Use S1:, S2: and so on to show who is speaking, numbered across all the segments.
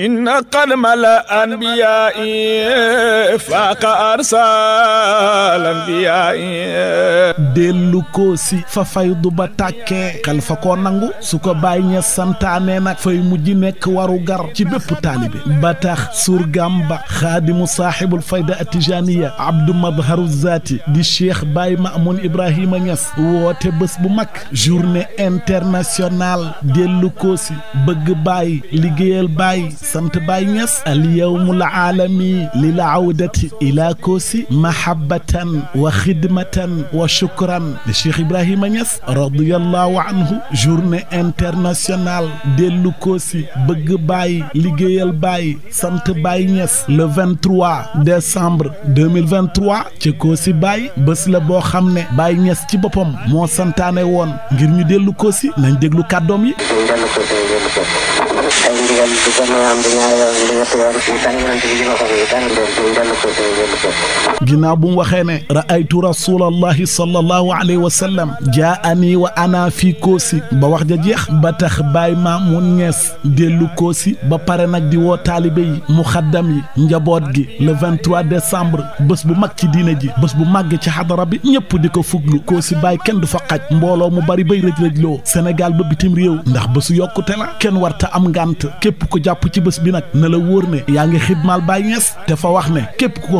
S1: إن قلم الأنبياء فاق أرسال الأنبياء دلوكو سي ففاي دوباتاك كالفا كورنانغو سوكا باينيا سانتا نينا فاي مجينيك واروغار غار تيبيبو طالب باتاخ سور غامبا خادم صاحب الفايدة التجانية عبد مظهر الزاتي دي شيخ باي مأمون إبراهيم نيس ووتي بس بمك جورني انترناسيونال دلوكو سي بغباي باي لغيال باي sant Baye Niass al yawmul aalami lil awdati ila koosi mahabbatan wa xidmatan wa shukran de Cheikh Ibrahima Niass radiyallahu anhu journée internationale dellu koosi bëgg Baye liggéeyal Baye sant Baye Niass le 23 décembre 2023 ca koosi Baye bés la boo xam ne Baye Niass ci boppam moo santaane woon ngir ñu dellu koosi nañ déglu kàddoom yi. ginaaw bu mu waxee ne ra'aytu rasulallahi sallallahu alayhi wa sallam jaa'ani wa ana fii koosi ba wax ja jeex ba tax baay Maamun Ñas dellu koosi ba pare nag di woo taalibe yi muxaddam yi njaboot gi le 23 décembre bés bu mag ci diine ji bés bu màgg ci xadara bi ñépp di ko fuglu koosi baay kenn du fa xaj mbooloo mu bari bay rëj-rëjloo Sénégal ba bitim réew ndax bésu yokkute la kenn warta am ngànt képp ko jàpp ci bés bi nag na la wóor ne yaa ngi xidmaal Baay Ñas te fa wax ne képp ku ko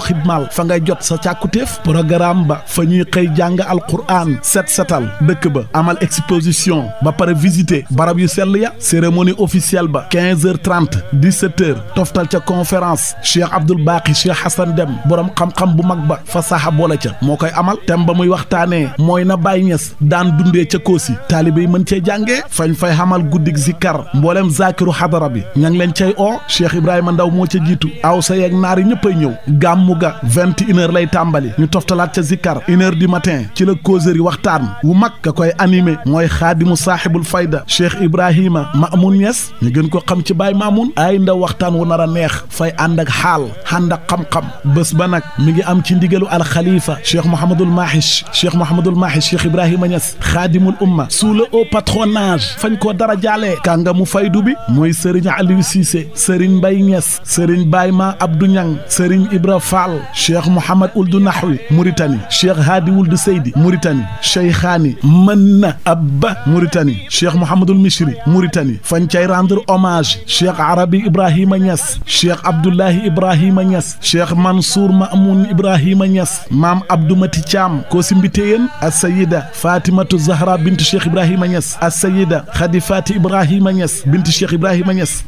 S1: fa ngay jot sa càkkutéef programme ba fa ñuy xëy jàng alquran set setal dëkk ba amal exposition ba pare visiter barab yu sell ya cérémonie officielle ba 15 heures 30 17 heures toftal ca conférence Cheikh abdul Baqi Cheikh Hassan Dem borom xam-xam bu mag ba fa saxa boole ca moo koy amal temba ba muy waxtaanee mooy na Baay Ñas daan dundee ca Koosi taalibe yi mën cee jàngee fañ fay xamal guddik zikar mboolem zakiru xadara bi ña ngi leen cay o Cheikh Ibrahima Ndaw moo ca jiitu aw sa yeeg naar yi ñëppay ñëw gàmmu ga vingt une heure lay tàmbali ñu toftalaat ca zikkar une heure du matin ci la causerie waxtaan wu mag ka koy animé mooy xaadimu saaxibul fayda Cheikh Ibrahima Mamoun yes ñu gën ko xam ci Baye Mamoun ay ndaw waxtaan wu nar a neex fay ànd ak xaal ànd xam-xam bés ba nag mi ngi am ci ndigalu alxalifa Cheikh Mouhamadul Mahish Cheikh Mouhamadul Mahish Cheikh Ibrahima Niass xaadimul umma sous le haut patronage fañ koo dara jale kànga mu faydu bi mooy Serigne Aliou Cissé Cissé Serigne Mbaye Niass Serigne Ma Abdou Niang Serigne Ibra Fall Cheikh Mouhamad Ould Nahwi Mauritanie Cheikh Hadi Ould Seydi Mauritanie Cheikhaani Manna Abba Mauritanie Cheikh Mouhamadul Michri Mauritanie fañ cay rendre hommage Cheikh Arabi Ibrahima Niass Cheikh Abdoulahi Ibrahima Niass Cheikh Mansour Mamoun Ibrahima Niass Maam Abdou Mati Thiam koo si mbitéyeen Assayida Fatimatu Zahra bintu Cheikh Ibrahima Niass Assayida Khadi Fati Ibrahima bintu Cheikh Ibrahima Niass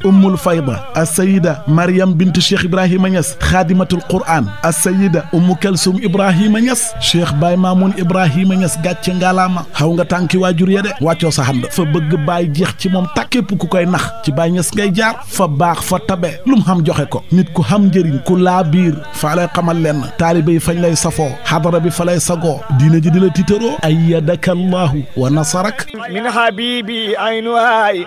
S1: Tayiba Asayida Mariam bintu Cheikh Ibrahima Niass xaadimatul Qur'an Asayida Umu Kalsum Ibrahima Niass Cheikh Baye Mamoun Ibrahima Niass gàcce ngalaama xaw nga tànki waajur ya de wàccoo sa xam fa bëgg Baye jeex ci moom tak képp koy nax ci Baye Niass ngay jaar fa baax fa tabe lu xam joxe ko nit ku xam njëriñ ku laa biir faa lay xamal lenn taalibe yi fañ lay safoo xadara bi fa lay sagoo diina ji di la tiitaroo ay Allahu wa nasarak min habibi